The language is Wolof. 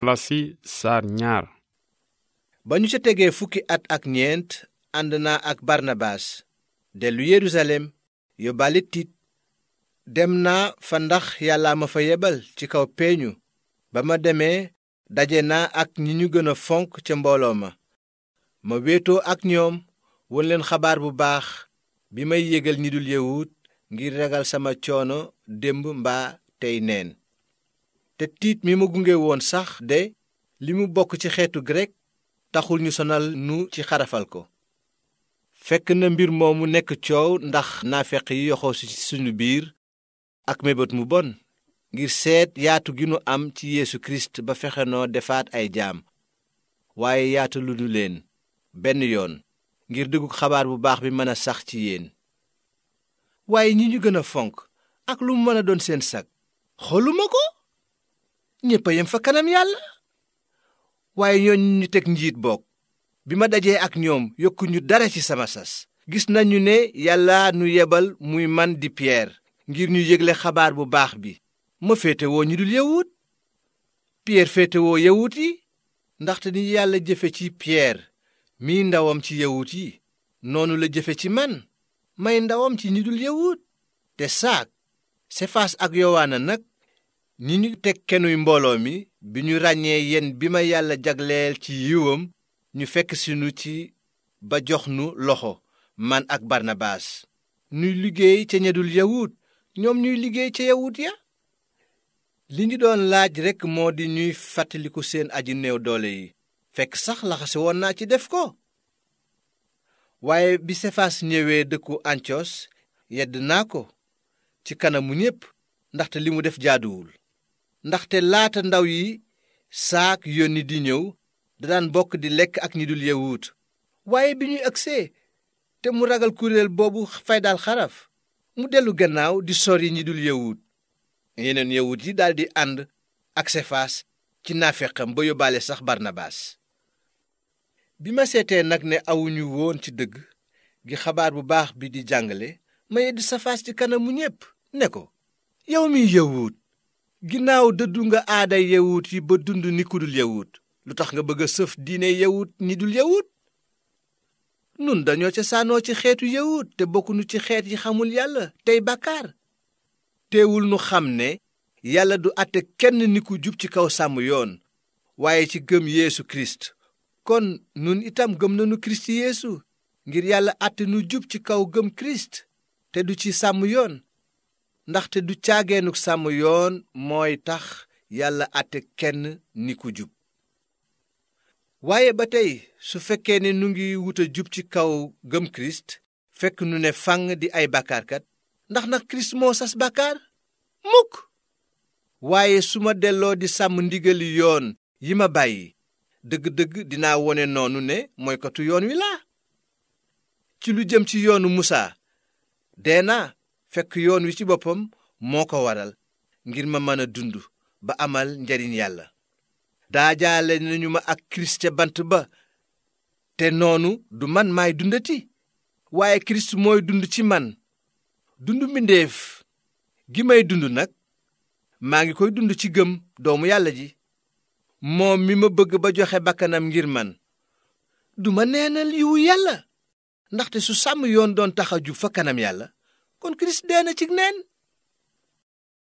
Palasi saar ñaar. ba ñu ca tegee fukki at ak ñeent ànd naa ak barnabaas dellu yerusalem yóbbaale tiit dem naa fa ndax yàlla ma fa yebal ci kaw peeñu ba ma demee daje naa ak ñi ñu gën a fonk ca mbooloo ma ma wéetoo ak ñoom won xabaar bu baax bi may yégal ñi dul yawut ngir ragal sama coono démb mbaa tey neen te tiit mi ma gunge woon sax de li mu bokk ci xeetu grek taxul ñu sonal nu ci xarafal ko fekk na mbir moomu nekk coow ndax naafeq yi yoxoo ci suñu biir ak mébét mu bon ngir seet yaatu gi nu am ci Yeesu Kirist ba fexenoo defaat ay jaam waaye yaatalu nu leen benn yoon ngir dëggu xabaar bu baax bi mën a sax ci yéen waaye ñi ñu gën a fonk ak lu mu mën a doon seen sag xooluma ko ñépp a fa kanam yàlla waaye ñooñu ñu teg njiit bokk bi ma dajee ak ñoom yokkuñu dara ci sama sas gis nañu ne yàlla nu yebal muy man di Pierre ngir ñu yëgle xabaar bu baax bi ma féetewoo ñu dul yawut Pierre féetewoo yawut yi ndaxte ni yàlla jëfe ci Pierre mi ndawam ci yawut yi noonu la jëfe ci man may ndawam ci ñi dul yawut te saak Sefaas ak Yowaana nag ni ñu teg kenuy mbooloo mi bi ñu ràññee yen bi ma yàlla jagleel ci yiwam ñu fekk sinu ci ba jox nu loxo man ak barnabaas ñuy liggéey ca ñedul yawut ñoom ñuy liggéey ca yawut ya li ñu doon laaj rekk moo di ñuy fàttaliku seen aji néew doole yi fekk sax laxase woon naa ci def ko waaye bi sefaas ñëwee dëkku antiyos yedd naa ko ci kanamu ñépp ndaxte li mu def jaaduwul ndaxte laata ndaw yi saak yónni di ñëw da daan bokk di lekk ak ñi dul yawut waaye bi ñuy agsee te mu ragal kuréel boobu fay dal xaraf mu dellu gannaaw di sori ñi dul yawut yeneen yawut yi daldi ànd ak sefaas ci naafeqam ba yóbbaale sax barnabaas bi ma seetee nag ne awuñu woon ci dëgg gi xabaar bu baax bi di jàngale ma yedd safaas ci kanamu ñépp ne ko yow mi yawut ginnaaw dëddu nga aaday yawut yi ba dund ni ku dul yawut lu tax nga bëgg a sëf diine yawut ñi dul yawut nun dañoo ca sànnoo ci xeetu yawut te bokkuñu ci xeet yi xamul yàlla tey bàkkaar teewul nu xam ne yàlla du àtte kenn ni ku jub ci kaw sàmm yoon waaye ci gëm yéesu kirist kon nun itam gëm nanu kirist yéesu ngir yàlla àtte nu jub ci kaw gëm kirist te du ci sàmm yoon ndaxte du caageenuk sàmm yoon mooy tax yàlla àtte kenn ni ku waaye ba tey su fekkee ne nu ngi wuta jub ci kaw gëm kirist fekk nu ne fànn di ay bàkkaarkat ndax nag kirist moo sas bàkkaar mukk waaye su ma delloo di sàmm ndigali yoon yi ma bàyyi dëgg-dëgg dinaa wone noonu ne moykatu yoon wi laa ci lu jëm ci yoonu musaa dee naa fekk yoon wi ci boppam moo ko waral ngir ma mën a dund ba amal njariñ yàlla daajaale nañu ma ak kirist ca bant ba te noonu du man maay dundati waaye kirist mooy dund ci man dund mbindeef gi may dund nag maa ngi koy dund ci gëm doomu yàlla ji moom mi ma bëgg ba joxe bakkanam ngir man du ma nee na yiwu yàlla ndaxte su sàmm yoon doon taxaju a fa kanam yàlla kon kirist dee na ci neen